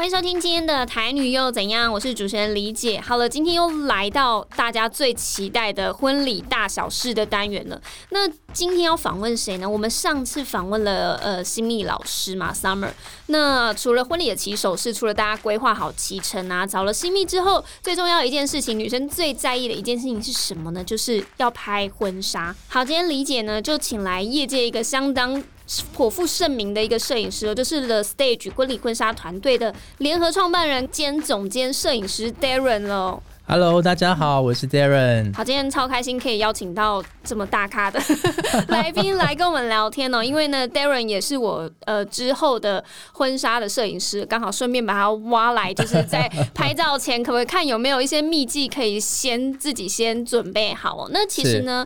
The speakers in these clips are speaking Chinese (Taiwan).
歡迎收聽今天的《台女又怎樣》，我是主持人狸姐。好了，今天又來到大家最期待的婚禮大小事的單元了。那今天要訪問誰呢？我們上次訪問了呃，新秘老師嘛，Summer。那除了婚禮的起手式，除了大家規劃好行程啊，找了新秘之後，最重要一件事情，女生最在意的一件事情是什麼呢？就是要拍婚紗。好，今天狸姐呢就請來業界一個相當頗負盛名的一個攝影師就是 The Stage 婚禮婚紗團隊的聯合創辦人兼總監攝影師 Daran 嘍、喔。Hello，大家好，我是 Daran。好，今天超開心可以邀請到這麼大咖的 來賓來跟我們聊天哦、喔。 因為呢，Daran 也是我呃之後的婚紗的攝影師，剛好順便把他挖來，就是在拍照前，可不可以看有沒有一些秘籍可以先自己先準備好？ 那其實呢，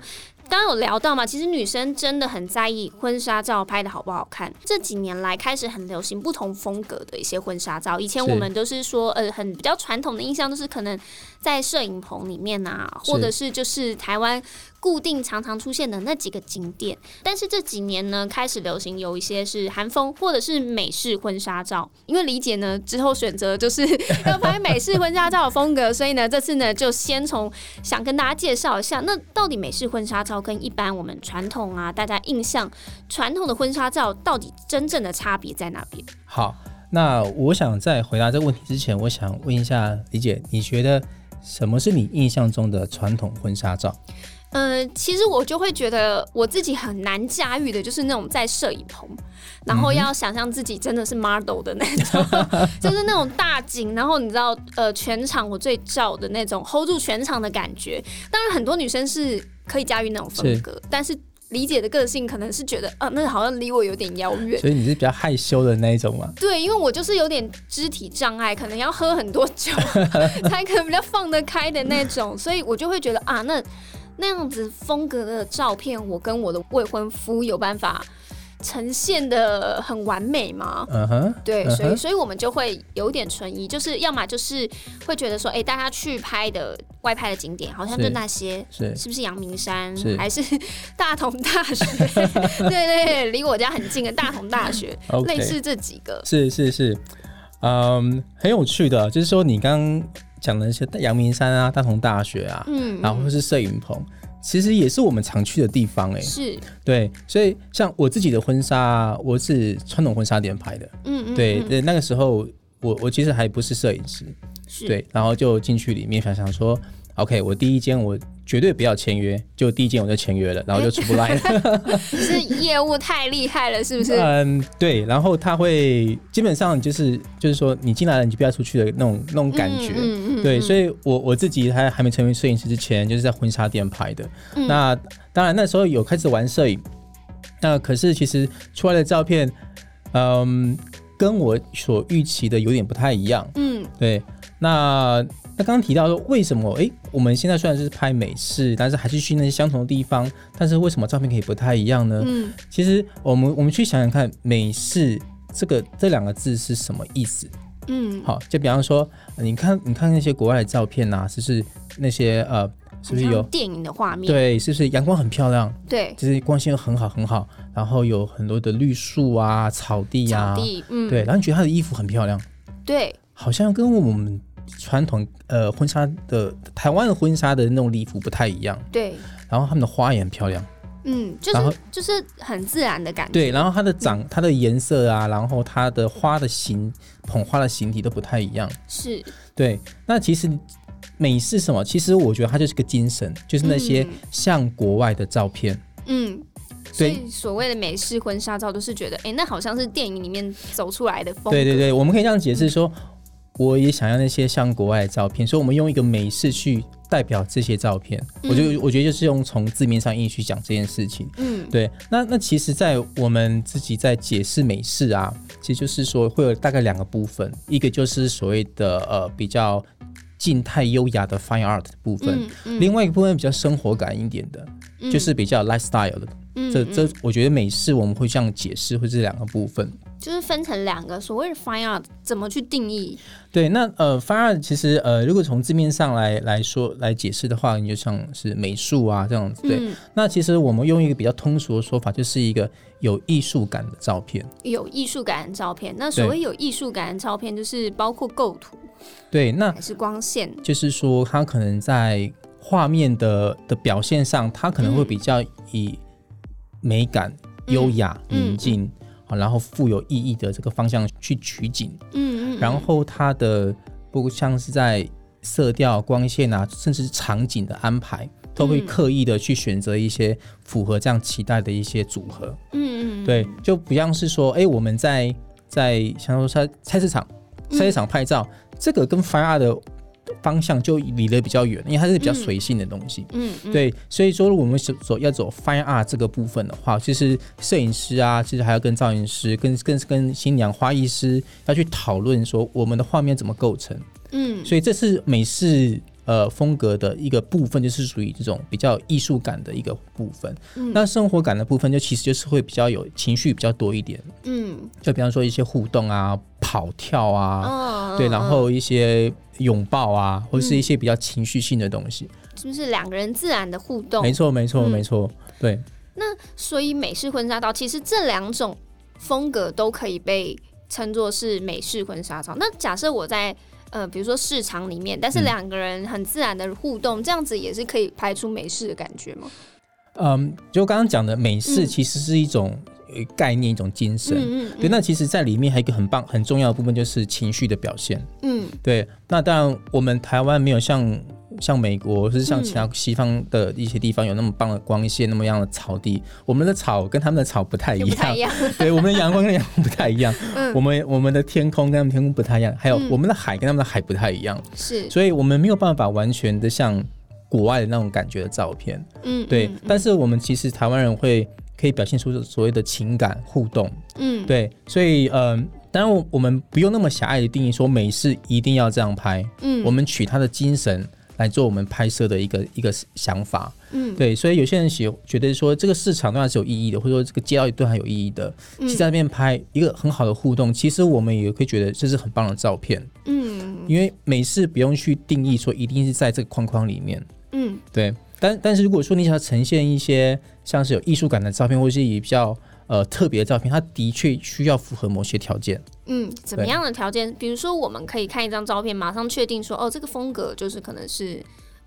剛剛有聊到嘛，其實女生真的很在意婚紗照拍的好不好看。這幾年來開始很流行不同風格的一些婚紗照，以前我們都是說是，呃，很比較傳統的印象都是可能在攝影棚裡面啊，或者是就是台灣。固定常常出現的那幾個景點，但是這幾年呢，開始流行有一些是韓風或者是美式婚紗照。因為狸姐呢之後選擇就是要拍美式婚紗照的風格， 所以呢這次呢就先從想跟大家介紹一下，那到底美式婚紗照跟一般我們傳統啊大家印象傳統的婚紗照到底真正的差別在哪邊？好，那我想在回答這個問題之前，我想問一下狸姐，你覺得什麼是你印象中的傳統婚紗照？呃，其實我就會覺得我自己很難駕馭的，就是那種在攝影棚，然後要想象自己真的是 model 的那種， 就是那種大景，然後你知道，呃，全場我最照的那種 hold 住全場的感覺。當然，很多女生是可以駕馭那種風格，是但是狸姐的個性可能是覺得，啊、呃，那好像離我有點遙遠。所以你是比較害羞的那一種嗎？對，因為我就是有點肢體障礙，可能要喝很多酒， 才可能比較放得開的那種， 所以我就會覺得啊，那，那樣子風格的照片，我跟我的未婚夫有辦法呈現得很完美嗎？嗯哼，對，uh -huh. 所以所以我們就會有點存疑，就是要麼就是會覺得說，哎、欸，大家去拍的外拍的景點，好像就那些，是，是不是陽明山，還是大同大學？ 對，對對，離我家很近的大同大學， 類似這幾個，是、okay. 是是。是是嗯、um,，很有趣的，就是說你剛剛講的那些陽明山啊、大同大學啊，嗯，然後是攝影棚，其實也是我們常去的地方、欸，哎，是，對，所以像我自己的婚紗，我是傳統婚紗店拍的，嗯,嗯,嗯對對，那個時候我我其實還不是攝影師是，對，然後就進去裡面想想說，OK，我第一間我。絕對不要簽約，就第一件我就簽約了，然後就出不來了。欸、 是業務太厲害了，是不是？嗯，對。然後他會基本上就是就是說你進來了，你就不要出去的那種那種感覺。嗯嗯，嗯對嗯，所以我我自己還還沒成為攝影師之前，就是在婚紗店拍的。嗯、那當然那時候有開始玩攝影，那可是其實出來的照片，嗯，跟我所預期的有點不太一樣。嗯。對，那。那剛剛提到說，為什麼哎、欸，我們現在雖然是拍美式，但是還是去那些相同的地方，但是為什麼照片可以不太一樣呢？嗯，其實我們我們去想想看，美式這個這兩個字是什麼意思？嗯，好，就比方說，你看你看那些國外的照片吶、啊，就是，是那些呃，是不是有電影的畫面？對，是不是陽光很漂亮？對，就是光線很好很好，然後有很多的綠樹啊、草地啊，草地。嗯，對，然後你覺得他的衣服很漂亮？對，好像跟我們。傳統呃婚紗的台灣的婚紗的那種禮服不太一樣，對，然後他們的花也很漂亮，嗯，就是就是很自然的感覺，對，然後它的長它、嗯、的顏色啊，然後它的花的形捧花的形體都不太一樣，是，對，那其實美是什麼？其實我覺得它就是個精神，就是那些像國外的照片，嗯，所以所謂的美式婚紗照都是覺得，哎、欸，那好像是電影裡面走出來的風格，對對對，我們可以這樣解釋說。嗯我也想要那些像國外的照片，所以我們用一個美式去代表這些照片。嗯、我就，我覺得就是用從字面上意義去講這件事情。嗯，對。那那其實，在我們自己在解釋美式啊，其實就是說會有大概兩個部分，一個就是所謂的呃比較靜態優雅的 fine art 的部分、嗯嗯，另外一個部分比較生活感一點的，嗯、就是比較 lifestyle 的。嗯、這這我覺得美式我們會這樣解釋，會、就是、這兩個部分。就是分成兩個所謂的 fine art，怎麼去定義？對，那呃，fine art 其實呃，如果從字面上來來說、來解釋的話，你就像是美術啊這樣子、嗯。對，那其實我們用一個比較通俗的說法，就是一個有藝術感的照片。有藝術感的照片，那所謂有藝術感的照片，就是包括構圖。對，那還是光線。就是說，它可能在畫面的的表現上，它可能會比較以美感、優雅、嗯、寧靜。嗯嗯好，然後富有意義的這個方向去取景，嗯，嗯，嗯，然後它的不像是在色調、光線啊，甚至場景的安排，都會刻意的去選擇一些符合這樣期待的一些組合，嗯嗯，嗯對，就不像是說，哎、欸，我們在在，像說在菜、菜市場、菜市場拍照，嗯嗯這個跟 Fine Art 的。方向就離得比較遠，因為它是比較隨性的東西嗯嗯。嗯，對，所以說我們所要走 Fine Art 這個部分的話，其實攝影師啊，其實、就是、還要跟造型師、跟跟、跟新娘花藝師要去討論說我們的畫面怎麼構成。嗯，所以這是美式呃風格的一個部分，就是屬於這種比較藝術感的一個部分，嗯。那生活感的部分就其實就是會比較有情緒比較多一點。嗯，就比方說一些互動啊、跑跳啊，哦、對，然後一些。擁抱啊，或者是一些比較情緒性的東西，嗯、就是兩個人自然的互動。沒錯，沒錯，沒、嗯、錯，對。那所以美式婚紗照，其實這兩種風格都可以被稱作是美式婚紗照。那假設我在呃，比如說市場裡面，但是兩個人很自然的互動、嗯，這樣子也是可以拍出美式的感覺嗎？嗯，就剛剛講的美式其實是一種、嗯。概念，一種精神。嗯嗯嗯，對，那其實在裡面還有一個很棒、很重要的部分，就是情緒的表現。嗯，對。那當然，我們台灣沒有像像美國或是像其他西方的一些地方有那麼棒的光線、那麼樣的草地。我們的草跟他們的草不太一樣，一樣 對，我們的陽光跟陽光不太一樣，嗯、我們我們的天空跟他們的天空不太一樣，還有我們的海跟他們的海不太一樣。是、嗯，所以我們沒有辦法完全的像國外的那種感覺的照片。嗯，對，嗯嗯嗯。但是我們其實台灣人會。可以表現出所謂的情感互動，嗯，對，所以，嗯、呃，當然，我我們不用那麼狹隘的定義，說美式一定要這樣拍，嗯，我們取它的精神來做我們拍攝的一個一個想法，嗯，對，所以有些人喜覺得說這個市場對它是有意義的，或者說這個街道也對它有意義的，嗯、其實在那邊拍一個很好的互動，其實我們也會覺得這是很棒的照片，嗯，因為美式不用去定義說一定是在這個框框裡面，嗯，對。但但是，但是如果說你想要呈現一些像是有藝術感的照片，或是比較呃特別的照片，它的確需要符合某些條件。嗯，怎麼樣的條件？比如說，我們可以看一張照片，馬上確定說，哦，這個風格就是可能是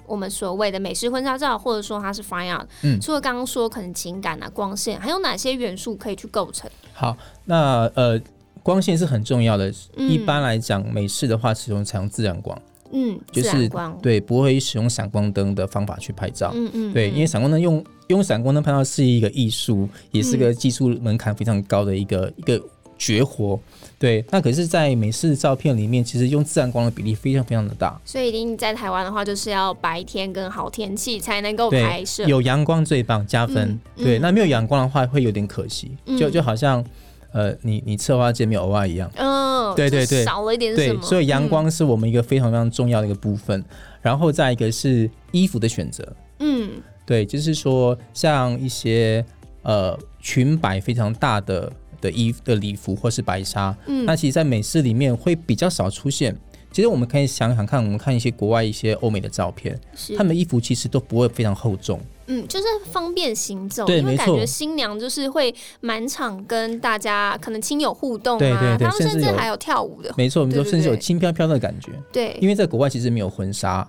我們所謂的美式婚紗照，或者說它是 Fine Art。嗯，除了剛剛說可能情感啊、光線，還有哪些元素可以去構成？好，那呃，光線是很重要的。嗯、一般來講，美式的話，始終採用自然光。嗯，就是對，不會使用閃光燈的方法去拍照。嗯嗯，嗯，對，因為閃光燈用用閃光燈拍照是一個藝術，也是個技術門檻非常高的一個、嗯、一個絕活。對，那可是，在美式照片裡面，其實用自然光的比例非常非常的大。所以，一定在台灣的話，就是要白天跟好天氣才能夠拍攝。有陽光最棒，加分。嗯嗯、對，那沒有陽光的話，會有點可惜。就就好像。呃，你你策劃見面偶爾一樣，嗯、哦，對對對，少了一點什麼？對，所以陽光是我們一個非常非常重要的一個部分。嗯、然後再一個是衣服的選擇，嗯，對，就是說像一些呃裙擺非常大的的衣服的禮服或是白紗，嗯，那其實，在美式裡面會比較少出現。其實我們可以想想看，我們看一些國外一些歐美的照片，是他們的衣服其實都不會非常厚重。嗯，就是方便行走對，因為感覺新娘就是會滿場跟大家可能親友互動啊，對對對，他們甚至有有還有跳舞的，沒錯，沒錯，甚至有輕飄飄的感覺。對，對，對，因為在國外其實沒有婚紗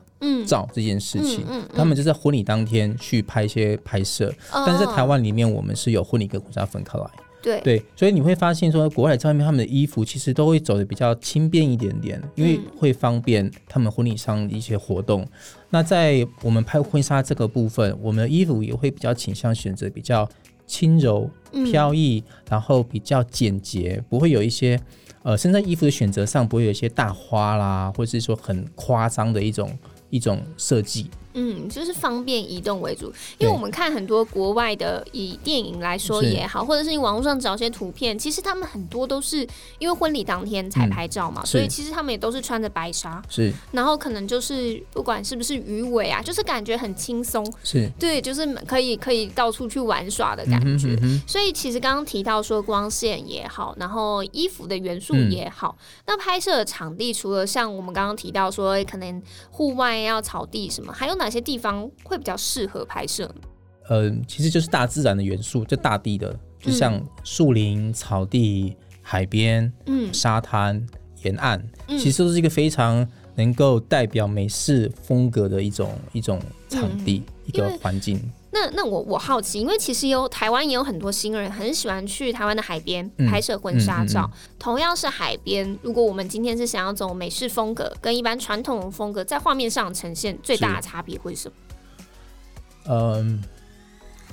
照這件事情，嗯嗯嗯嗯、他們就在婚禮當天去拍一些拍攝、嗯。但是在台灣裡面，我們是有婚禮跟婚紗分開來。對對，所以你會發現說，國外在外面他們的衣服其實都會走的比較輕便一點點、嗯，因為會方便他們婚禮上一些活動。那在我們拍婚紗這個部分，我們的衣服也會比較傾向選擇比較輕柔、飄、嗯、逸，然後比較簡潔，不會有一些，呃，甚至衣服的選擇上不會有一些大花啦，或者是說很誇張的一種一種設計。嗯，就是方便移動為主，因為我們看很多國外的，以電影來說也好，或者是網絡上找些圖片，其實他們很多都是因為婚禮當天才拍照嘛，嗯，所以其實他們也都是穿着白紗，是，然後可能就是不管是不是魚尾啊，就是感覺很輕鬆，是對，就是可以可以到處去玩耍的感覺。嗯哼嗯哼。所以其實剛剛提到說光線也好，然後衣服的元素也好，嗯，那拍攝場地除了像我們剛剛提到說，欸，可能戶外要草地什麼，還有哪些地方會比較適合拍攝？嗯、呃，其實就是大自然的元素，就大地的、嗯，就像樹林、草地、海邊、嗯、沙灘、沿岸，嗯、其實都是一個非常能夠代表美式風格的一種一種場地、嗯、一個環境。那那我我好奇，因為其實有台灣也有很多新人很喜歡去台灣的海邊拍攝婚紗照。嗯嗯嗯嗯。同樣是海邊，如果我們今天是想要走美式風格，跟一般傳統風格在畫面上呈現最大的差別會是什麼？嗯，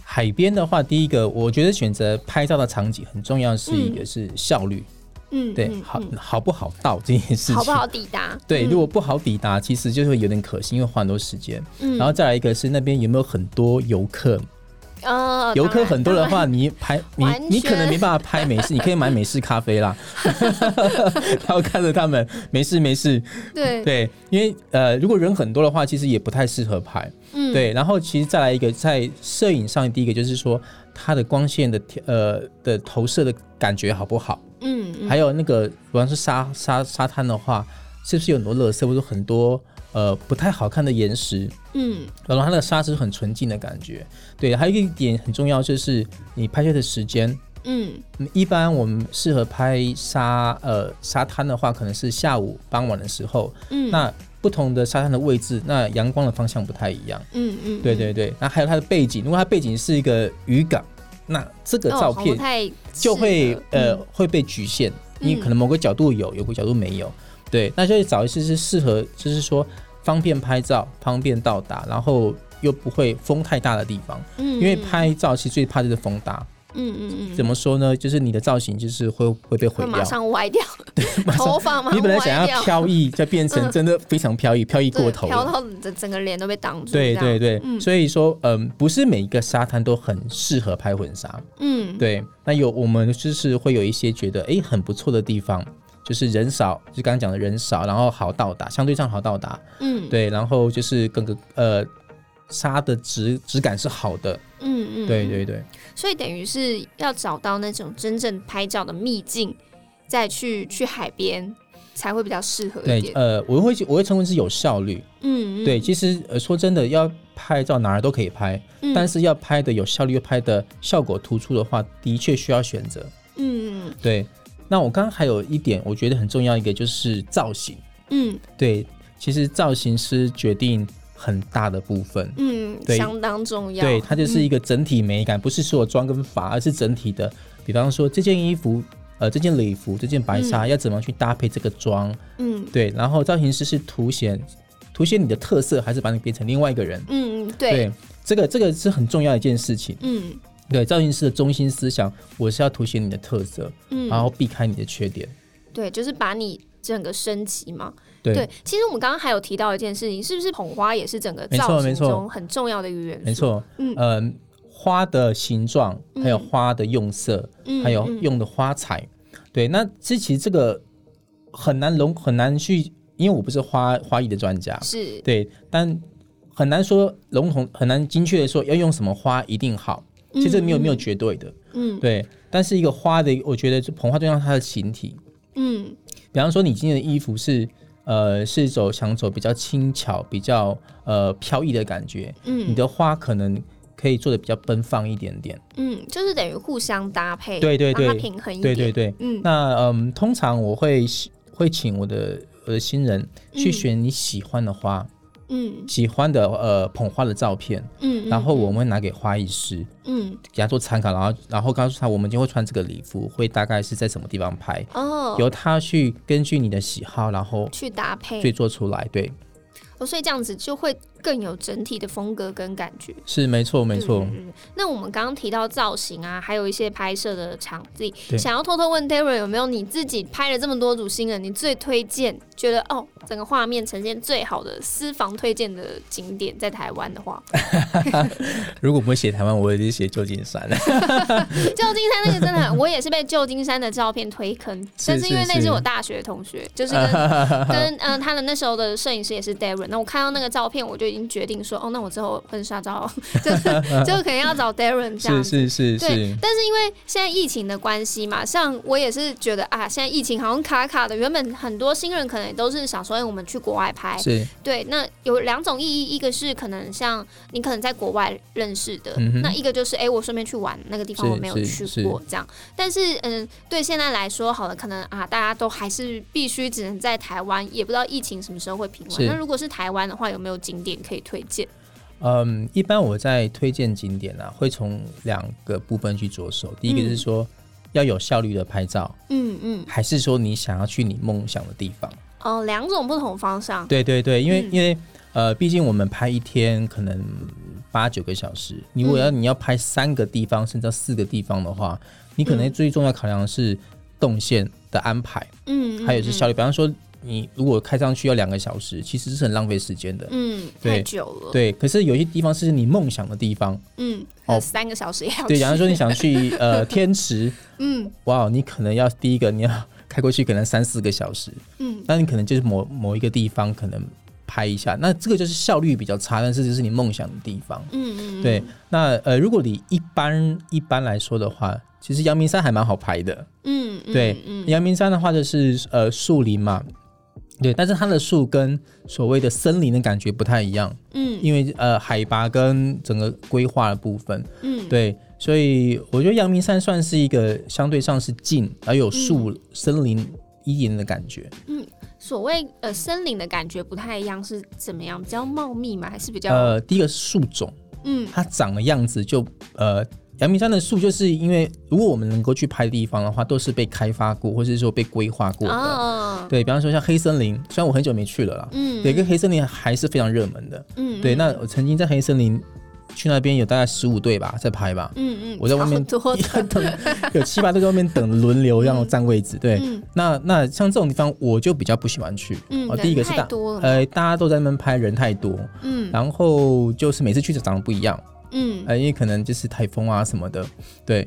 海邊的話，第一個我覺得選擇拍照的場景很重要是，是一個是效率。嗯，對嗯嗯，好，好不好到這件事情？好不好抵達？對、嗯，如果不好抵達，其實就是有點可惜，因為花很多時間。嗯，然後再來一個是那邊有沒有很多遊客？哦、嗯，遊客很多的話，嗯，你拍你你可能沒辦法拍美式，你可以買美式咖啡啦， 然後看着他們，沒事沒事。對對，因為呃，如果人很多的話，其實也不太適合拍。嗯，對，然後其實再來一個在攝影上，第一個就是說它的光線的呃的投射的感覺好不好？嗯，嗯，還有那個主要是沙沙沙灘的話，是不是有很多垃圾，或者很多呃不太好看的岩石？嗯，然後它的沙石是很純淨的感覺。對，還有一個點很重要，就是你拍攝的時間。嗯。嗯，一般我們適合拍沙呃沙灘的話，可能是下午傍晚的時候。嗯，那不同的沙灘的位置，那陽光的方向不太一樣。嗯嗯，嗯，對對對。那還有它的背景，如果它背景是一個漁港。那這個照片就會呃、哦、呃會被局限，你、嗯、可能某個角度有、嗯，有個角度沒有，對，那就找一次是適合，就是說方便拍照、方便到達，然後又不會風太大的地方，嗯，因為拍照其實最怕就是風大。嗯嗯嗯，怎麼說呢？就是你的造型就是會會被毀掉，馬上歪掉，對，馬上頭髮馬上歪掉。你本來想要飄逸，再變成真的非常飄逸，飄逸、呃、過頭，飄到整整個臉都被擋住。對對對、嗯，所以說，嗯，不是每一個沙灘都很適合拍婚紗，嗯，對。那有我們就是會有一些覺得，哎、欸，很不錯的地方，就是人少，就剛剛講的人少，然後好到達，相對上好到達，嗯，對。然後就是各個呃沙的質質感是好的，嗯嗯，對對對。所以等於是要找到那種真正拍照的秘境，再去去海邊才會比較適合一點。對，呃，我會我會稱為是有效率。嗯，嗯，對，其實呃說真的，要拍照哪兒都可以拍。嗯，但是要拍的有效率，拍的效果突出的話，的確需要選擇。嗯，對。那我剛剛還有一點，我覺得很重要的一個就是造型。嗯，對，其實造型師決定。很大的部分，嗯對，相當重要。對，它就是一個整體美感，嗯，不是說我妝跟髮，而是整體的。比方說這件衣服，呃，這件禮服，這件白紗，嗯、要怎麼去搭配這個妝，嗯，對。然後造型師是凸顯凸顯你的特色，還是把你變成另外一個人？嗯，對。對這個這個是很重要一件事情。嗯，對，造型師的中心思想，我是要凸顯你的特色，嗯，然後避開你的缺點。對，就是把你整個升級嘛。對，對，其實我們剛剛還有提到一件事情，是不是捧花也是整個造型中很重要的一個元素？沒錯，嗯、呃，花的形狀，還有花的用色，嗯、還有用的花材、嗯嗯，對。那其實這個很難籠，很難去，因為我不是花花藝的專家，是對，但很難說籠統，很難精確的說要用什麼花一定好，其實這沒有、嗯、沒有絕對的，嗯，對。但是一個花的，我覺得捧花最重要，它的形體，嗯，比方說你今天的衣服是。呃，是走想走比較輕巧、比較呃飄逸的感覺。嗯，你的花可能可以做得比較奔放一點點。嗯，就是等於互相搭配，對對對，讓它平衡一點，對，對對對，嗯，那嗯，通常我會會請我的我的新人去選你喜歡的花。嗯。嗯，喜歡的呃捧花的照片，嗯，然後我們會拿給花藝師，嗯，給他做參考，然後然後告訴他，我們今天會穿這個禮服，會大概是在什麼地方拍，哦，由他去根據你的喜好，然後去搭配，所以做出來，對，哦，所以這樣子就會。更有整體的風格跟感覺，是沒錯沒錯。那我們剛剛提到造型啊，還有一些拍攝的場地，想要偷偷問 Daran 有沒有，你自己拍了這麼多組新人，你最推薦覺得哦整個畫面呈現最好的私房推薦的景點在台灣的話， 如果不會寫台灣，我也得寫舊金山。 舊金山那個真的， 我也是被舊金山的照片推坑，但是因為那是我大學的同學，是是是，就是跟 跟嗯、呃、他的那時候的攝影師也是 Daran，那我看到那個照片我就。已經決定說，哦，那我之後婚紗照就是、 就可能要找 Daran 這樣子 是。是是是對，但是因為現在疫情的關係嘛，像我也是覺得啊，現在疫情好像卡卡的。原本很多新人可能也都是想說，哎、欸，我們去國外拍。對，那有兩種意義，一個是可能像你可能在國外認識的，嗯、那一個就是哎、欸，我順便去玩那個地方我沒有去過這樣。但是嗯，對現在來說，好了，可能啊，大家都還是必須只能在台灣，也不知道疫情什麼時候會平穩。那如果是台灣的話，有沒有景點？可以推薦，嗯，一般我在推薦景點呢、啊，會從兩個部分去着手。第一個是說、嗯、要有效率的拍照，嗯嗯，還是說你想要去你夢想的地方？哦，兩種不同方向。對對對，因為、嗯、因為呃，畢竟我們拍一天可能八九個小時，你如果要你要拍三個地方、嗯、甚至四個地方的話，你可能最重要考量的是動線的安排，嗯，嗯嗯還有是效率。嗯嗯、比方說。你如果開上去要兩個小時，其實是很浪費時間的。嗯，對，太久了。對，可是有些地方是你夢想的地方。嗯，哦，三個小時也好。對，假如說你想去 呃天池，嗯，哇，你可能要第一個你要開過去，可能三四個小時。嗯，那你可能就是某某一個地方可能拍一下，那這個就是效率比較差，但是就是你夢想的地方。嗯嗯，嗯。對，那呃，如果你一般一般來說的話，其實陽明山還蠻好拍的。嗯，嗯，嗯，嗯，對，陽明山的話就是呃樹林嘛。對，但是它的樹跟所謂的森林的感覺不太一樣，嗯，因為呃海拔跟整個規劃的部分，嗯，對，所以我覺得陽明山算是一個相對上是近而有樹森林一點的感覺，嗯，嗯所謂呃森林的感覺不太一樣是怎麼樣？比較茂密嘛，還是比較呃第一個是樹種，嗯，它長的樣子就呃。陽明山的樹，就是因為如果我們能夠去拍的地方的話，都是被開發過或者是說被規劃過的。哦。對，比方說像黑森林，雖然我很久沒去了啦，嗯，對，跟黑森林還是非常熱門的。嗯，嗯，對，那我曾經在黑森林去那邊有大概十五隊吧，在拍吧。嗯嗯，我在外面等，有七八隊在外面等，輪流讓我佔位置。對，嗯、那那像這種地方，我就比較不喜歡去。哦、嗯，第一個是大。呃，大家都在那邊拍，人太多。嗯，然後就是每次去就長得不一樣。嗯，呃、欸，因為可能就是台風啊，什麼的，對，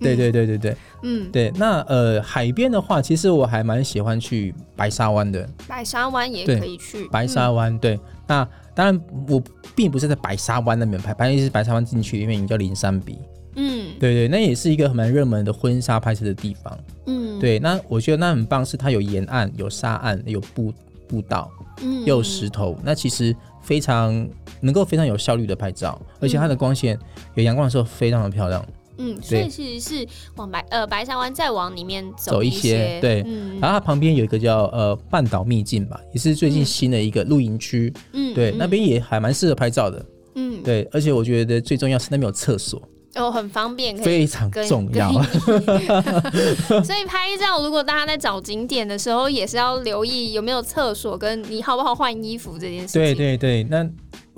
對對對對對，嗯，對，那呃海邊的話，其實我還蠻喜歡去白沙灣的，白沙灣也可以去，白沙灣、嗯、對，那當然我並不是在白沙灣那邊拍，反正就是白沙灣進去因為你叫麟山鼻，嗯，對對，對，那也是一個蠻熱門的婚紗拍攝的地方，嗯，對，那我覺得那很棒，是它有岩岸、有沙岸、有步步道，嗯，有石頭，嗯、那其實。非常能夠非常有效率的拍照，而且它的光線、嗯、有陽光的時候非常的漂亮。嗯，所以其實是往白呃白沙灣再往裡面走一些，一些對、嗯。然後它旁邊有一個叫呃半島秘境吧，也是最近新的一個露營區。嗯，對，嗯、那邊也還蠻適合拍照的嗯。嗯，對，而且我覺得最重要是那邊有廁所。哦，很方便，可以非常重要。 所以拍照，如果大家在找景點的時候，也是要留意有沒有廁所，跟你好不好換衣服這件事情。對對對，那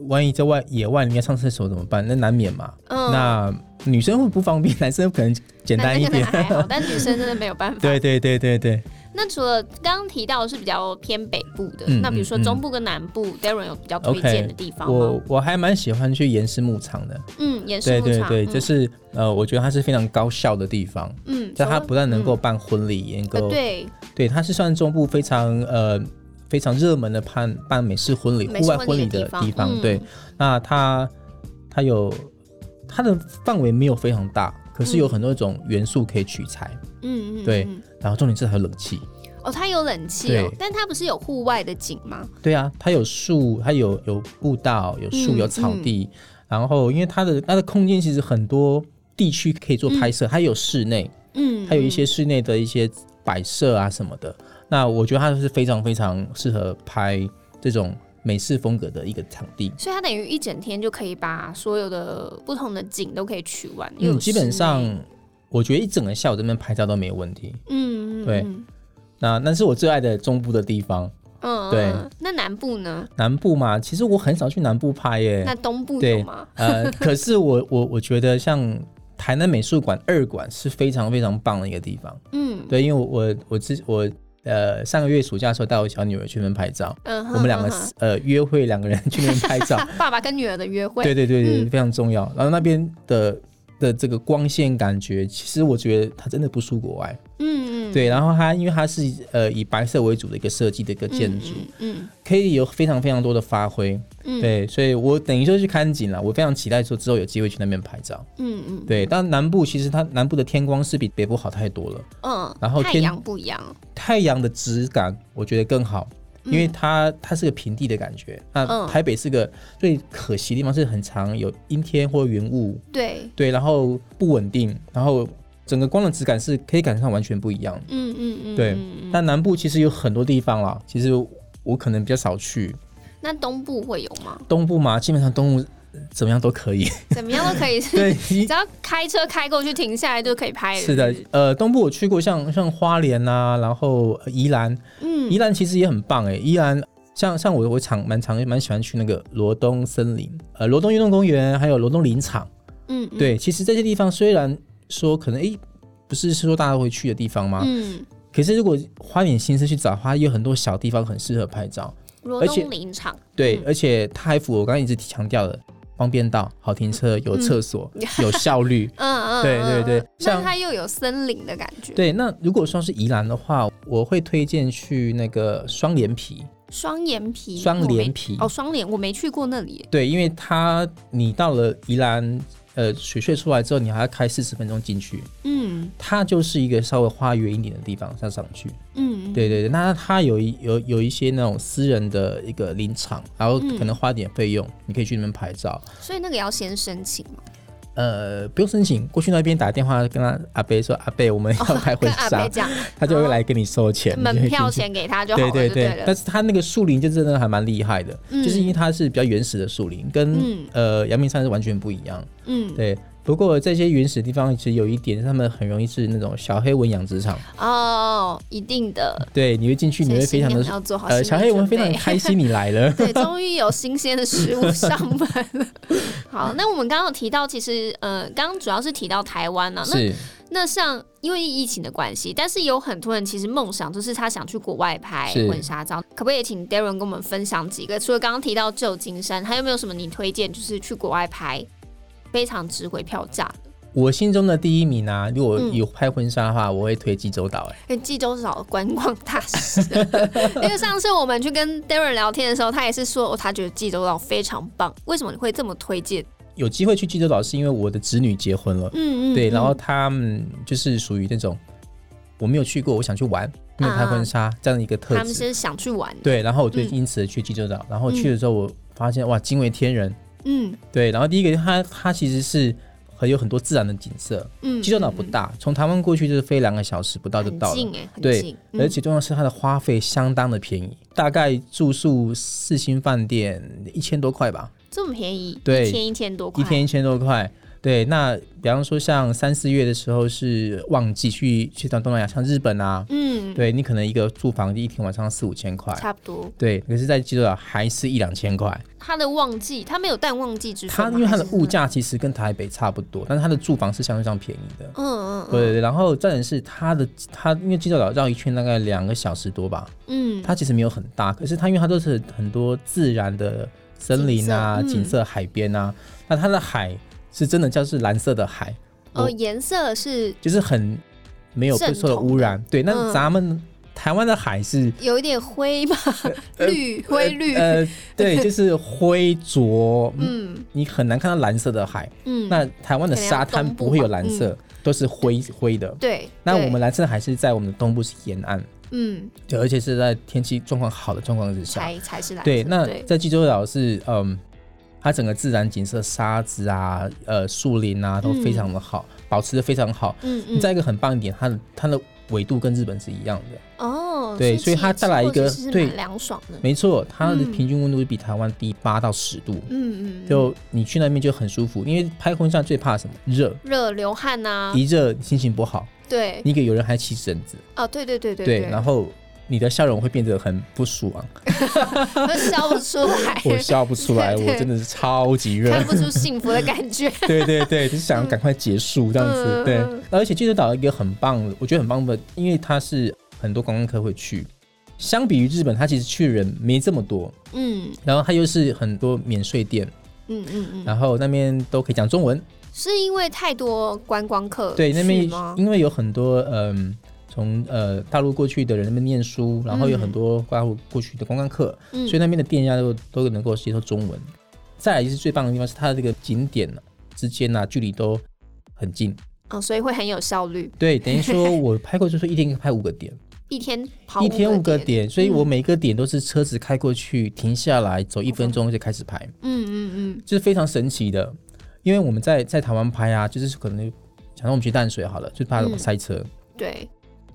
萬一在外野外，你要上廁所怎麼辦？那難免嘛。嗯，那女生會不方便，男生可能簡單一點。那那那還好，但女生真的沒有辦法。 對，對對對對對。那除了剛剛提到的是比較偏北部的、嗯，那比如說中部跟南部、嗯嗯、，Daran 有比較推薦的地方嗎？okay, 我我還蠻喜歡去岩石牧場的。嗯，岩石牧場。對對對，嗯、就是呃，我覺得它是非常高效的地方。嗯，它不但能夠辦婚禮，嗯、也能夠、嗯呃、對對，它是算中部非常呃非常熱門的辦辦美式婚禮、戶外婚禮的地方,的地方、嗯。對，那它它有它的範圍沒有非常大，可是有很多種元素可以取材。嗯嗯，對。嗯嗯嗯然後重點是還有冷氣哦，它有冷氣哦，但它不是有戶外的景嗎？對啊，它有樹，它有有步道，有樹，嗯、有草地、嗯。然後因為它的它的空間其實很多地區可以做拍攝，嗯、它有室內，它室內啊、嗯，還、嗯、有一些室內的一些擺設啊什麼的。那我覺得它是非常非常適合拍這種美式風格的一個場地。所以它等於一整天就可以把所有的不同的景都可以取完，因為基本上。我覺得一整個下午在那邊拍照都沒有問題。嗯，對。嗯、那那是我最愛的中部的地方。嗯，對。嗯、那南部呢？南部嘛，其實我很少去南部拍耶。那東部有嗎？對呃， 可是我我我覺得像台南美術館二館是非常非常棒的一個地方。嗯，對，因為我我我之我呃上個月暑假的時候帶我小女兒去那邊拍照，嗯、我們兩個、嗯嗯、呃約會兩個人去那邊拍照， 爸爸跟女兒的約會。對對對，對、嗯，非常重要。然後那邊的。的這個光線感覺，其實我覺得它真的不輸國外。嗯嗯，對。然後它因為它是呃以白色為主的一個設計的一個建築。嗯嗯，嗯，可以有非常非常多的發揮。嗯，對。所以我等於說去看景了，我非常期待說之後有機會去那邊拍照。嗯嗯，對。但南部其實它南部的天光是比北部好太多了。嗯，然後天太陽不一樣，太陽的質感我覺得更好。因為它它是個平地的感覺，那台北是個最可惜的地方，是很常有陰天或雲霧，對對，然後不穩定，然後整個光的質感是可以感覺上完全不一樣，嗯嗯嗯，對。但南部其實有很多地方啦，其實我可能比較少去，那東部會有嗎？東部嘛，基本上東部，怎麼樣都可以，怎麼樣都可以， 你只要開車開過去停下來就可以拍。是的，呃，東部我去過像，像像花蓮啊，然後宜蘭，嗯，宜蘭其實也很棒哎、欸，宜蘭像像我我常蠻常蠻喜歡去那個羅東森林，呃，羅東運動公園，還有羅東林場，嗯，嗯，對，其實這些地方雖然說可能哎、欸、不是說大家會去的地方嗎？嗯，可是如果花點心思去找，也有很多小地方很適合拍照。羅東林場、嗯，對，而且它還符合我剛剛一直強調的。方便到，好停車，嗯、有廁所、嗯，有效率。嗯 嗯，對對對。像它又有森林的感覺。對，那如果說是宜蘭的話，我會推薦去那個雙連埤，雙眼皮。雙連埤，雙連埤。哦，雙連。我沒去過那裡。對，因為它你到了宜蘭。呃，雪隧出來之後，你還要開四十分鐘進去。嗯，它就是一個稍微花園一點的地方上上去。嗯，對對對，那它有一有有一些那種私人的一個林場，然後可能花點費用、嗯，你可以去裡面拍照。所以那個要先申請嗎？呃，不用申請，過去那邊打電話跟他阿伯說，阿伯，我們要拍婚紗，哦，他就會來跟你收錢，啊，門票錢給他就好了。對對對。對但是，他那個樹林就真的還蠻厲害的、嗯，就是因為它是比較原始的樹林，跟、嗯、呃陽明山是完全不一樣。嗯，對。不過這些原始地方其實有一點，他們很容易是那種小黑蚊養殖場哦、oh，一定的。對，你會進去，你會非常的想要做好、呃、小黑蚊非常開心你來了。 對，終於有新鮮的食物上班了。 好，那我們剛剛有提到，其實呃，剛剛主要是提到台灣呢、啊。是那。那像因為疫情的關係，但是有很多人其實夢想就是他想去國外拍婚紗照，可不可以請 Daran 跟我們分享幾個？除了剛剛提到舊金山，還有沒有什麼你推薦？就是去國外拍？非常值回票價，我心中的第一名啊。如果有拍婚紗的話、嗯，我會推濟州島、欸。哎，濟州島觀光大使。 因為上次我們去跟 Daran 聊天的時候，他也是說，哦、他覺得濟州島非常棒。為什麼你會這麼推薦？有機會去濟州島，是因為我的子女結婚了。嗯嗯，嗯。對，然後他們就是屬於那種我沒有去過，我想去玩，啊、沒有拍婚紗這樣的一個特質。他們是想去玩。對，然後我就因此去濟州島、嗯。然後去的時候，我發現哇，驚為天人。嗯，對，然後第一個它它其實是很有很多自然的景色，嗯，濟州島不大，嗯，從台灣過去就是飛兩個小時不到就到了，很近欸，很近，對，嗯，而且重要的是它的花費相當的便宜，嗯，大概住宿四星飯店一千多塊吧，這麼便宜，對，一天一千多塊，一天一千多塊。對，那比方說像三四月的時候是旺季，去去到東南亞，像日本啊，嗯，對，你可能一個住房就一天晚上四五千塊，差不多。對，可是，在濟州島還是一兩千塊。它的旺季，它沒有淡旺季之分。它因為它的物價其實跟台北差不多，是但是它的住房是相對上便宜的。嗯嗯。對，對，然後再然是它的，它因為濟州島繞，繞一圈大概兩個小時多吧。嗯。它其實沒有很大，可是它因為它都是很多自然的森林啊、景色、嗯、景色海邊啊，那它的海。是真的叫是藍色的海哦，顏色是就是很沒有不受的污染，嗯。對，那咱們台灣的海是有一點灰吧？綠、 呃、灰綠。呃，對， 就是灰濁。嗯，你很難看到藍色的海。嗯，那台灣的沙灘不會有藍色，嗯、都是灰灰的對。對，那我們藍色的海是在我們的東部是沿岸。嗯，而且是在天氣狀況好的狀況之下才才是藍色對對。對，那在濟州島是嗯。它整個自然景色，沙子啊，呃，樹林啊，都非常的好，嗯、保持的非常好。嗯，嗯再一個很棒一點，它的它的緯度跟日本是一樣的。哦。對，所以，所以它帶來一個對涼爽的。沒錯，它的平均溫度比台灣低八到十度。嗯嗯。就你去那邊就很舒服，因為拍婚紗最怕什麼？熱。熱流汗吶、啊。一熱心情不好。對。你給有人還起疹子。哦，對，對對對對。對，然後。你的笑容會變得很不爽、啊，， 笑不出來， 我笑不出來對對對，我真的是超級熱。 看不出幸福的感覺。 對對對，就是想要趕快結束這樣子。嗯、對，對，而且濟州島一個很棒，我覺得很棒的，因為它是很多觀光客會去，相比於日本，它其實去人沒這麼多。嗯，然後它又是很多免稅店，嗯嗯嗯，然後那邊都可以講中文，是因為太多觀光客？對，那邊因為有很多嗯。從呃大陸過去的人們念書，然後有很多大陸過去的觀光客，所以那邊的店家都都能夠接受中文、嗯。再來就是最棒的地方是它的這個景點之間呢、啊，距離都很近，嗯、哦，所以會很有效率。對，等於說我拍過就是一天拍五個點， 一天跑一天五個點、嗯，所以我每個點都是車子開過去，停下來走一分鐘就開始拍。嗯嗯嗯，就是非常神奇的，因為我們在在台灣拍啊，就是可能想說我們去淡水好了，就怕塞車。嗯、對。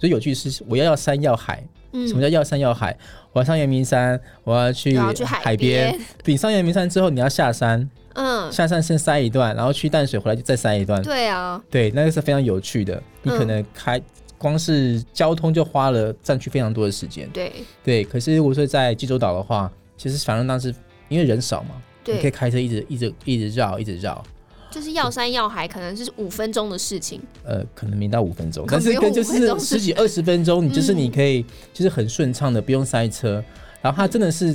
有趣是我要要山要海，嗯，什麼叫要山要海？我要上陽明山，我要去，去海邊。頂上陽明山之後，你要下山，嗯，下山先塞一段，然後去淡水回來就再塞一段。對啊、哦，對，那個是非常有趣的。你可能開光是交通就花了，佔據非常多的時間。嗯、對對，可是如果說在濟州島的話，其實反正當時因為人少嘛，你可以開車一直一直一直繞，一直繞。就是要山要海，可能是五分鐘的事情。呃，可能沒到五分鐘，但是就是十幾二十分鐘，你就是你可以就是很順暢的，不用塞車，嗯。然後它真的是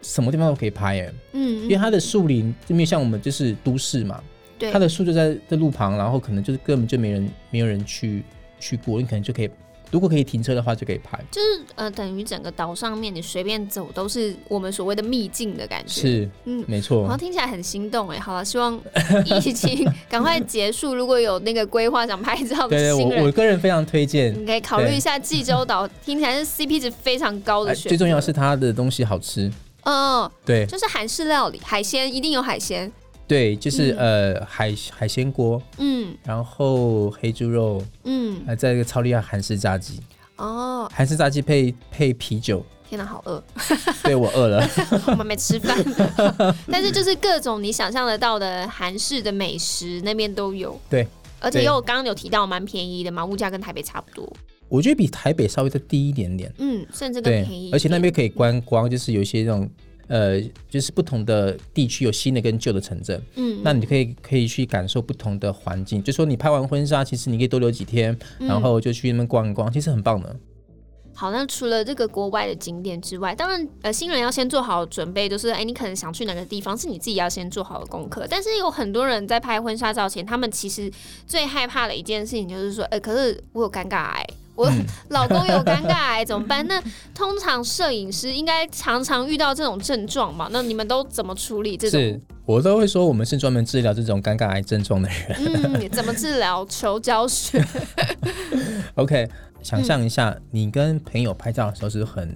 什麼地方都可以拍，嗯，因為它的樹林就面向我們就是都市嘛，對，它的樹就在在路旁，然後可能就是根本就沒人，沒有人去去過，你可能就可以。如果可以停車的話，就可以拍。就是呃，等於整個島上面你隨便走都是我們所謂的秘境的感覺。是，嗯，沒錯。然後聽起來很心動哎，好啦，希望疫情趕 快結束。如果有那個規劃想拍照的新人，對，我我個人非常推薦，你可以考慮一下濟州島，聽起來是 CP 值非常高的選擇。呃，最重要是它的東西好吃。嗯、哦，對，就是韓式料理，海鮮一定有海鮮。對，就是、嗯、呃海海鮮鍋，嗯，然後黑豬肉，嗯，啊，再一個超厲害韓式炸雞，哦，韓式炸雞配配啤酒，天哪，好餓，對，我餓了， 我們沒吃飯， 但是就是各種你想象得到的韓式的美食那邊都有，對，而且又剛剛有提到蠻便宜的嘛，物價跟台北差不多，我覺得比台北稍微再低一點點，嗯，甚至更便宜，而且那邊可以觀光，就是有一些那種。呃，就是不同的地區有新的跟舊的城鎮，嗯，那你可以可以去感受不同的環境。嗯、就是、說你拍完婚紗，其實你可以多留幾天、嗯，然後就去那邊逛一逛，其實很棒的。好，那除了這個國外的景點之外，當然，呃，新人要先做好準備，就是哎，你可能想去哪個地方，是你自己要先做好的功課。但是有很多人在拍婚紗照前，他們其實最害怕的一件事情就是說，哎，可是我有尷尬癌。我老公有尷尬癌怎麼辦？那通常攝影師應該常常遇到這種症狀嘛？那你們都怎麼處理？這種是我都會說，我們是專門治療這種尷尬癌，癌症狀的人。嗯，怎麼治療？求教學。 OK，想象一下，嗯，你跟朋友拍照的時候是很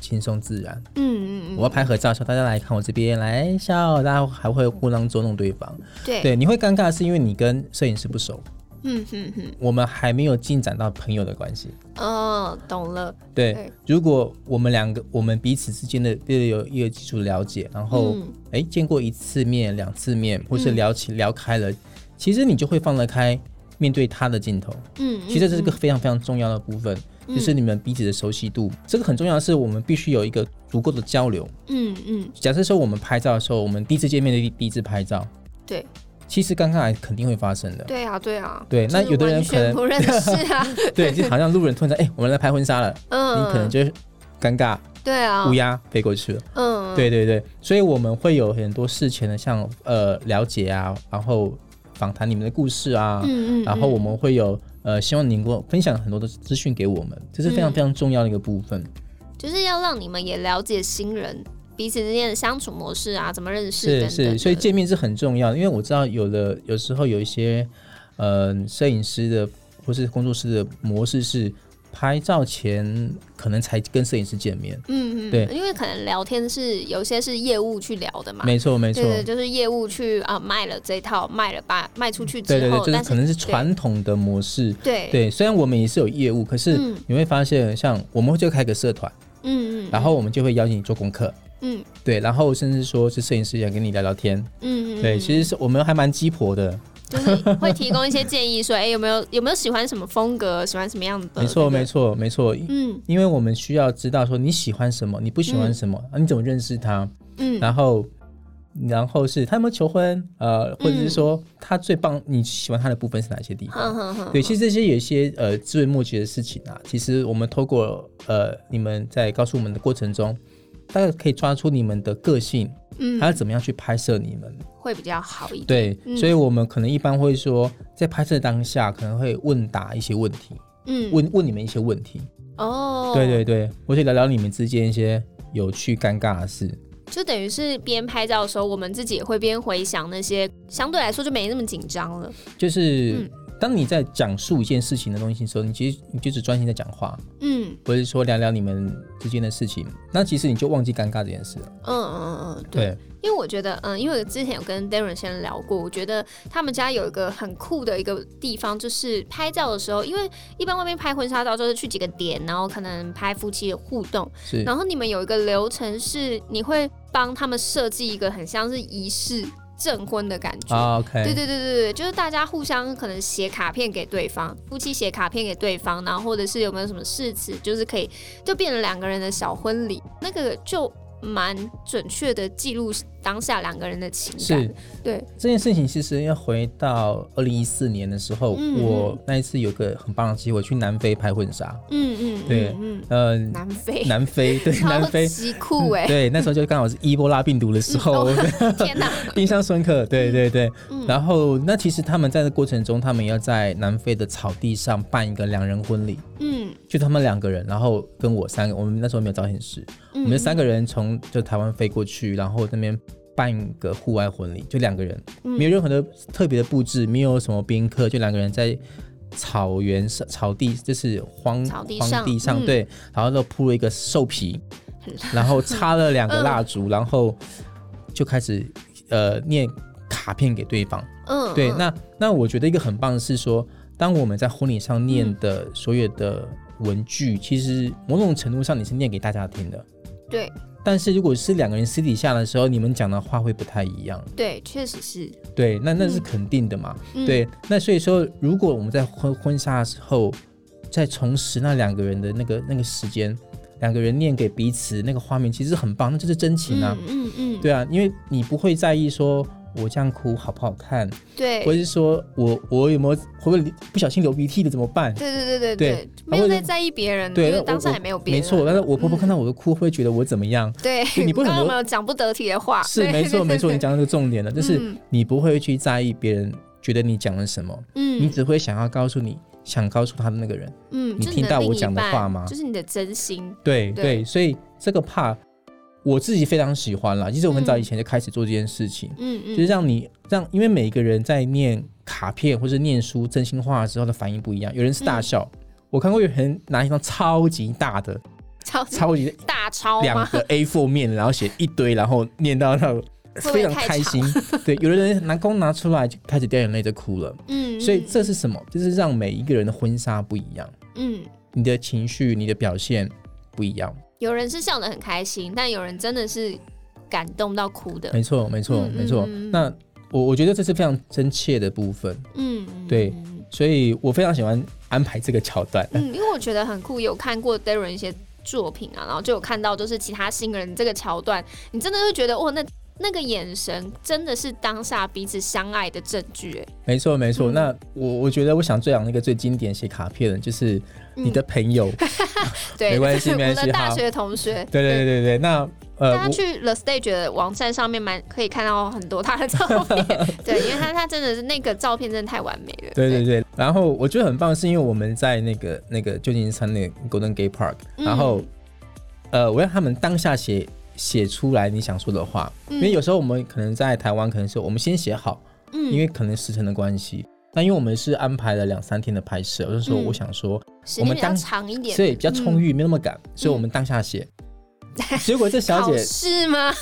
輕鬆自然。嗯嗯，嗯，我要拍合照的時候，大家來看我這邊來笑，大家還會互相捉弄對方。對對，你會尷尬的是因為你跟攝影師不熟。嗯哼哼，我們還沒有進展到朋友的關係。哦，懂了、欸。對，如果我們兩個我們彼此之間的有一個基礎了解，然後哎、嗯欸、見過一次面、兩次面，或是聊起、嗯、聊開了，其實你就會放得開面對他的鏡頭。嗯,嗯,嗯,嗯，其實這是個非常非常重要的部分，就是你們彼此的熟悉度。嗯、這個很重要的是，我們必須有一個足夠的交流。嗯嗯。假設說我們拍照的時候，我們第一次見面的第一次拍照。嗯嗯對。其實尷尬肯定會發生的。對啊，對啊。對，就是、那有的人可能不認識啊。 對，就好像路人突然在，哎、欸，我們來拍婚紗了。嗯。你可能就是尷尬。對啊。烏鴉飛過去了。嗯。對對對，所以我們會有很多事前的，像呃了解啊，然後訪談你們的故事啊，嗯嗯，嗯，然後我們會有呃，希望你能夠分享很多的資訊給我們，這是非常非常重要的一個部分。嗯、就是要讓你們也了解新人彼此之間的相處模式啊，怎麼認識等等？是是，所以見面是很重要的。因為我知道有的有時候有一些嗯、呃、攝影師的或是工作室的模式是拍照前可能才跟攝影師見面。嗯嗯，對，因為可能聊天是有一些是業務去聊的嘛。沒錯沒錯，就是業務去啊、呃、賣了這套賣了把賣出去之後，對對對，這個、就是、可能是傳統的模式。對對，對，對，雖然我們也是有業務，可是你會發現像我們就開個社團，嗯嗯，嗯嗯，然後我們就會邀請你做功課。嗯，對，然後甚至說是攝影師想跟你聊聊天，嗯嗯，對，其實是我們還蠻雞婆的，就是會提供一些建議說，說 哎，有沒有有沒有喜歡什麼風格，喜歡什麼樣的？沒錯對對，沒錯，沒錯，嗯，因為我們需要知道說你喜歡什麼，你不喜歡什麼，嗯啊、你怎麼認識他，嗯，然後然後是他們求婚，呃，或者是說他最棒，你喜歡他的部分是哪些地方？嗯嗯、對、嗯嗯對嗯嗯，其實這些有一些呃細枝末節的事情啊，其實我們透過呃你們在告訴我們的過程中，大家可以抓出你們的個性，嗯，還要怎麼樣去拍攝你們會比較好一點。對，嗯、所以，我們可能一般會說，在拍攝當下，可能會問答一些問題，嗯，問問你們一些問題。哦，對對對，我就聊聊你們之間一些有趣、尷尬的事。就等於是邊拍照的時候，我們自己也會邊回想，那些相對來說就沒那麼緊張了。就是，嗯當你在講述一件事情的東西的時候，你其實你就只專心在講話，嗯，不是說聊聊你們之間的事情。那其實你就忘記尷尬這件事了。嗯嗯嗯對，對。因為我覺得，嗯，因為之前有跟 Daran 先生聊過，我覺得他們家有一個很酷的一個地方，就是拍照的時候，因為一般外面拍婚紗照就是去幾個點，然後可能拍夫妻的互動。是。然後你們有一個流程是，你會幫他們設計一個很像是儀式。證婚的感覺，對、oh, okay. 對對對對，就是大家互相可能寫卡片給對方，夫妻寫卡片給對方，然後或者是有沒有什麼誓詞，就是可以就變成兩個人的小婚禮，那個就。蠻準確的記錄當下兩個人的情感，是，對。這件事情其實要回到二零一四年的時候、嗯，我那一次有個很棒的機會去南非拍婚紗，嗯嗯，對，嗯，嗯，嗯、呃，南非，南非，對，南非，超酷哎，對，那時候就剛好是伊波拉病毒的時候，嗯哦、天哪、啊，印象深刻，對對對，嗯、然後那其實他們在的過程中，他們要在南非的草地上辦一個兩人婚禮，嗯。就他們兩個人，然後跟我三個，我們那時候沒有造型師，嗯，我們三個人從就台灣飛過去，然後那邊辦個戶外婚禮，就兩個人，嗯，沒有任何的特別的布置，沒有什麼賓客，就兩個人在草原上草地，就是荒荒地上，地上，對地上，嗯，然後都鋪了一個獸皮，然後插了兩個蠟燭， 嗯，然後就開始呃念卡片給對方，嗯，對，那那我覺得一個很棒的是說，當我們在婚禮上念的所有的。文具，其實某種程度上你是念給大家聽的，對。但是如果是兩個人私底下的時候，你們講的話會不太一樣，對，確實是。對，那那是肯定的嘛。嗯，對。那所以說，如果我們在婚婚紗的時候，在重拾那兩個人的那個那個時間，兩個人念給彼此那個畫面，其實很棒，那就是真情啊，嗯嗯，嗯。對啊，因為你不會在意說，我這樣哭好不好看？對，或者是說我我有沒有，會不會不小心流鼻涕了怎麼辦？對對對對對，對沒有在在意別人，對，就是，當時還沒有別人。沒錯，但是我婆婆看到我的哭，嗯，會覺得我怎麼樣？對，對你剛剛有沒有講不得體的話？是對對對沒錯沒錯，你講那個重點了對對對，就是你不會去在意別人覺得你講了什麼，嗯，你只會想要告訴你、嗯、想告訴他的那個人，嗯，你聽到我講的話嗎？就是你的真心，對對，對，所以這個怕。我自己非常喜歡了。其實我很早以前就開始做這件事情，嗯嗯，嗯，就是讓你讓，因為每一個人在念卡片或是念書、真心話的時候的反應不一樣。有人是大笑、嗯，我看過有人拿一張超級大的，超超級大超兩個 A4 面，然後寫一堆，然後念到那 非常開心。會會，對，有的人拿公拿出來就開始掉眼淚，就哭了。嗯，所以這是什麼？就是讓每一個人的婚紗不一樣。嗯，你的情緒、你的表現不一樣。有人是笑得很開心，但有人真的是感動到哭的。沒錯，沒錯、嗯，沒錯、嗯。那我我覺得這是非常真切的部分。嗯，對，所以我非常喜歡安排這個橋段。嗯， 因為我覺得很酷，有看過 Daran 一些作品啊，然後就有看到就是其他新人這個橋段，你真的會覺得哇，那。那個眼神真的是當下彼此相愛的證據、欸，哎，沒錯沒錯、嗯。那我我覺得我想最講那個最經典寫卡片的就是你的朋友，對、嗯， 沒關係係 沒關係。我的大學同學，對對對對、嗯、那呃，他去了 The Stage 的網站上面蠻可以看到很多他的照片， 對，因為他他真的是那個照片真的太完美了。 對，對對對。然後我覺得很棒，是因為我們在那個 那個舊金山那個 Golden Gate Park，然後、嗯、呃，我讓他們當下寫。寫出來你想說的話，因為有時候我們可能在台灣，可能是我們先寫好、嗯，因為可能時辰的關係。但因為我們是安排了兩三天的拍攝，有時候我想說，我們當時長一點，所以比較充裕，嗯、沒那麼趕，所以我們當下寫。嗯嗯、結果這小姐是嗎？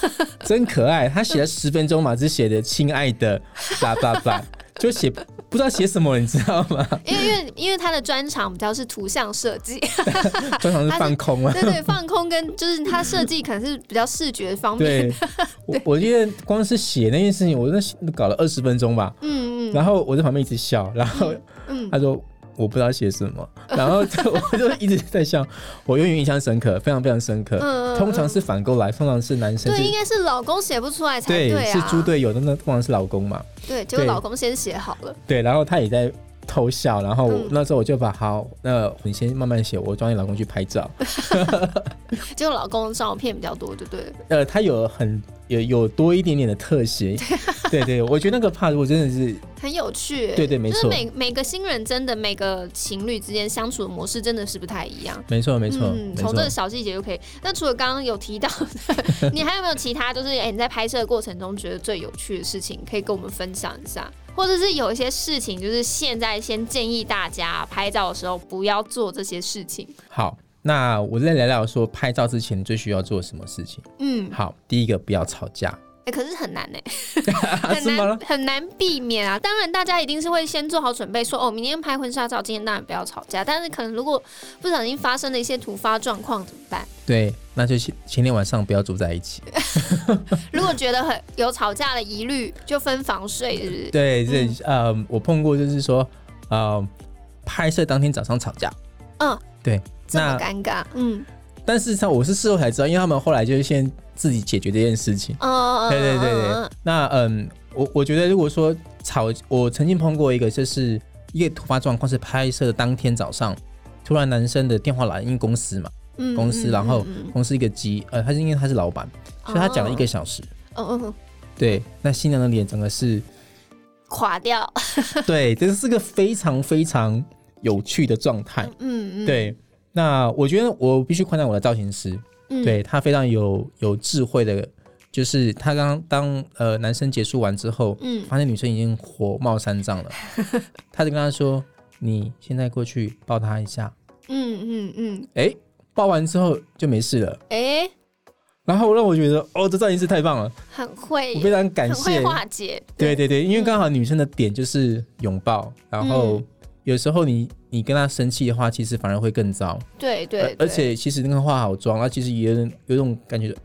真可愛，她寫了十分鐘嘛， 只寫的親愛的爸爸，就寫。不知道寫什麼，你知道嗎？因為因為因為他的專長比較是圖像設計，專 長是放空啊。對對，放空跟就是他設計可能是比較視覺方面。對，我記得光是寫那件事情，我在搞了二十分鐘吧。嗯嗯。然後我在旁邊一直笑，然後他說，嗯，嗯、嗯我不知道寫什麼， 然後我就一直在想， 我永遠印象深刻，非常非常深刻。嗯、通常是反過來，嗯、通常是男生是。對，應該是老公寫不出來才對，啊對。是豬隊友的，那通常是老公嘛？對，結果老公先寫好了對。對，然後他也在。頭小，然後我、嗯、那時候我就把好，那、呃、你先慢慢寫，我找你老公去拍照。 結果老公照片比較多，對不對？呃，他有很有有多一點點的特寫， 對,對對，我覺得那個怕如果真的是很有趣、欸，對對,對沒錯。就是每每個新人真的每個情侶之間相處的模式真的是不太一樣，沒錯沒錯。嗯，從這個小細節就可以。那除了剛剛有提到， 你還有沒有其他就是哎、欸、你在拍攝的過程中覺得最有趣的事情可以跟我們分享一下？或者是有一些事情，就是現在先建議大家拍照的時候不要做這些事情。好，那我再聊聊說拍照之前最需要做什麼事情。嗯，好，第一個不要吵架。哎、欸，可是很難呢，欸，很難 是嗎？很難避免啊。當然，大家一定是會先做好準備說，說哦，明天拍婚紗照，今天當然不要吵架。但是，可能如果不小心發生了一些突發狀況，怎麼辦？對，那就前天晚上不要住在一起。 如果覺得很有吵架的疑慮，就分房睡，是不是？對，這呃、嗯嗯，我碰過，就是說呃，拍攝當天早上吵架，嗯，對，這麼尷尬那，嗯。但事實上我是事後才知道，因為他們後來就是先自己解決這件事情。哦、uh, 對對對對。那嗯，我我覺得如果說吵，我曾經碰過一個就是一個突發狀況，是拍攝的當天早上，突然男生的電話來，因為公司嘛，公司，嗯、然後公司一個機，呃，他是因為他是老闆，所以他講了一個小時。嗯嗯。對，那新娘的臉整個是垮掉。 對，這是個非常非常有趣的狀態。嗯嗯。對。那我覺得我必須誇讚我的造型師，嗯、對，他非常有有智慧的，就是他剛剛當呃男生結束完之後，嗯，發現女生已經火冒三丈了， 他就跟他說：“你現在過去抱他一下。嗯”嗯嗯嗯，哎、欸，抱完之後就沒事了。哎、欸，然後讓我覺得哦，這造型師太棒了，很會，我非常感謝很會化解。對對對，因為剛好女生的點就是擁抱、嗯，然後。有時候你你跟他生氣的話，其實反而會更糟。對對，對而，而且其實那個化好妝，他、啊、其實也有有種感覺、就是，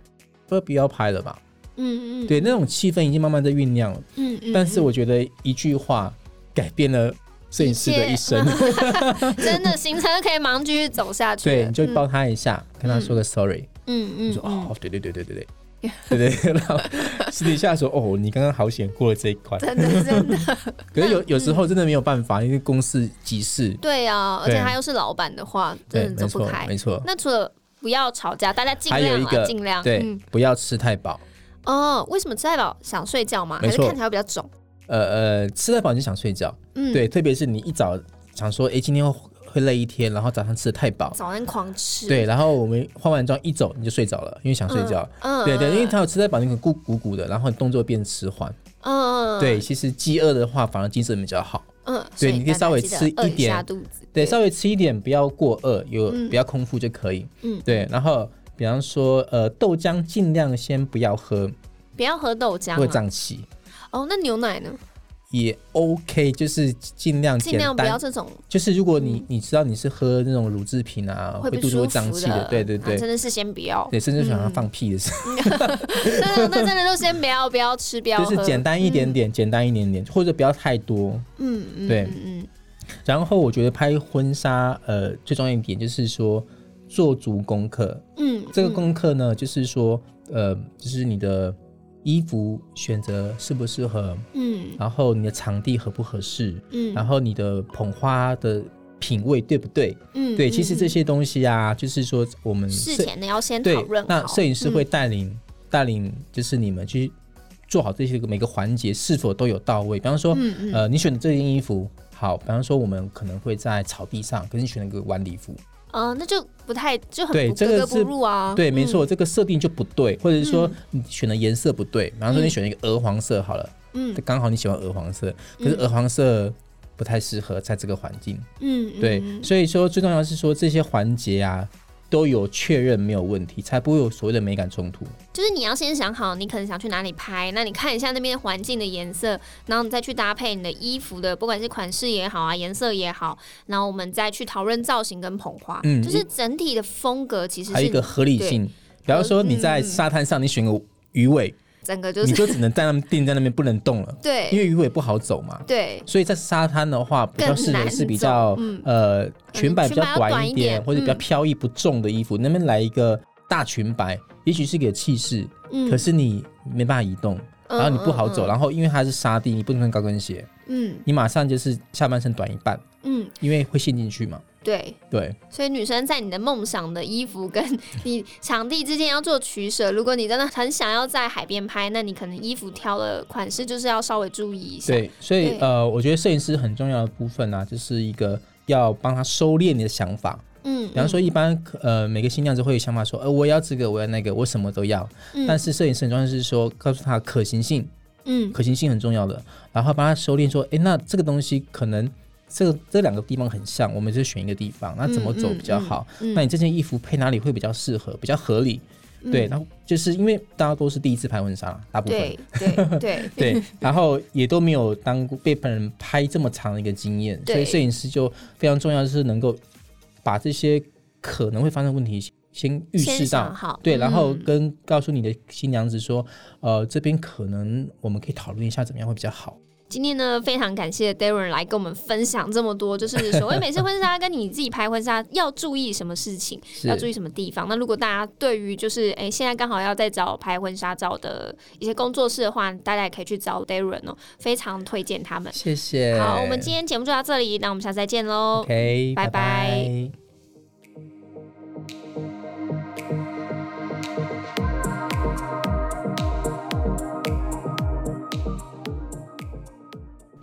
不必要拍了吧？嗯嗯，對，那種氣氛已經慢慢在醞釀了。嗯，嗯嗯。但是我覺得一句話改變了攝影師的一生。Yeah. 真的行程可以忙繼續走下去。對，你就抱他一下，嗯、跟他說個 sorry。嗯嗯，你說哦對對對對對對。 對對，然後私底下說哦，你剛剛好險過了這一關，真的真的。 可是有有時候真的沒有辦法，嗯、因為公事急事。對啊，而且他又是老闆的話，對，真的走不開。沒錯。沒錯，那除了不要吵架，大家盡量、啊、盡量對、嗯，不要吃太飽。哦，為什麼吃太飽想睡覺嗎？沒錯，還是看起來會比較腫。呃呃，吃太飽你就想睡覺。嗯，對，特別是你一早想說，哎，今天會。會累一天，然後早上吃的太飽，早上狂吃。對，對然後我們化完妝一走你就睡着了，因為想睡覺、嗯。嗯，對對，因為他有吃的太飽，你可能鼓鼓的，然後你動作變遲緩。嗯嗯。對，其實飢餓的話反而精神比較好。嗯。對，你可以稍微吃一,一點對對，稍微吃一點，不要過餓，有不要空腹就可以嗯。嗯。對，然後比方說，呃，豆漿盡量先不要喝，不要喝豆漿、啊，會脹氣。哦，那牛奶呢？也 OK，就是盡量簡單，盡量不要這種。就是如果你，嗯、你知道你是喝那種乳製品啊，會，會肚子會脹氣的，對對對，啊，真的是先不要，對，嗯，甚至想要放屁的時候，那真的就先不要不要吃不要。 就是簡單一點點，嗯、簡單一點點，簡單一點點，或者不要太多，嗯，對，嗯嗯，然後我覺得拍婚紗呃最重要一點就是說做足功課，嗯，嗯，這個功課呢就是說呃就是你的。衣服選擇適不適合，嗯，然後你的場地合不合適，嗯，然後你的捧花的品味對不對，嗯，對，其實這些東西啊，嗯，就是說我們事前要先討論好。那攝影師會帶領，嗯，帶領就是你們去做好這些個每個環節是否都有到位。比方說，嗯嗯，呃，你選的這件衣服好，比方說我們可能會在草地上給你選一個晚禮服。嗯、哦，那就不太就很格格不入，啊、對，這個是啊，對，沒錯，嗯，這個設定就不對，或者是說你選的顏色不對。比、嗯、方說你選一個鵝黃色好了，嗯，剛好你喜歡鵝黃色，嗯，可是鵝黃色不太適合在這個環境，嗯，對，所以說最重要的是說這些環節啊。都有確認沒有問題，才不會有所謂的美感衝突。就是你要先想好，你可能想去哪裡拍，那你看一下那邊環境的顏色，然後你再去搭配你的衣服的，不管是款式也好啊，顏色也好，然後我們再去討論造型跟捧花。嗯，就是整體的風格其實是還有一個合理性。呃。比方說你在沙灘上，你選個魚尾。整個就你就只能在那邊定，在那邊不能動了，對，因為魚尾不好走嘛，對，所以在沙灘的話比較適合是比較、嗯、呃裙擺比較短一點、嗯、短一點或者比較飄逸不重的衣服，嗯、那邊來一個大裙擺、嗯，也許是給氣勢，嗯，可是你沒辦法移動，然後你不好走，嗯、然後因為它是沙地，你不能穿高跟鞋，嗯，你馬上就是下半身短一半，嗯，因為會陷進去嘛。對對，所以女生在你的夢想的衣服跟你場地之間要做取捨。如果你真的很想要在海邊拍，那你可能衣服挑的款式就是要稍微注意一下。對，所以呃，我覺得攝影師很重要的部分呢、啊，就是一個要幫他收斂你的想法。嗯，比方說一般呃每個新娘子會有想法說，呃我要這個我要那個我什麼都要，嗯、但是攝影師、很重要就是說告訴他可行性。嗯，可行性很重要的，然後幫他收斂說，哎、欸、那這個東西可能。這個這兩個地方很像，我們就選一個地方。那怎麼走比較好？嗯嗯嗯、那你這件衣服配哪裡會比較適合、比較合理？嗯、對，然後就是因為大家都是第一次拍婚紗，大部分對對對 對，然後也都沒有當過被別人拍這麼長的一個經驗，所以攝影師就非常重要，就是能夠把這些可能會發生的問題先，先預示到，對，然後跟告訴你的新娘子說、嗯，呃，這邊可能我們可以討論一下怎麼樣會比較好。今天呢，非常感謝 Daran 來跟我們分享這麼多，就是所謂美式婚紗跟你自己拍婚紗要注意什麼事情， 要注意什麼地方。那如果大家對於就是哎、欸，現在剛好要在找拍婚紗照的一些工作室的話，大家也可以去找 Daran 哦、喔，非常推薦他們。謝謝。好，我們今天節目就到這裡，那我們下次再見嘍。Okay, 拜拜。Bye bye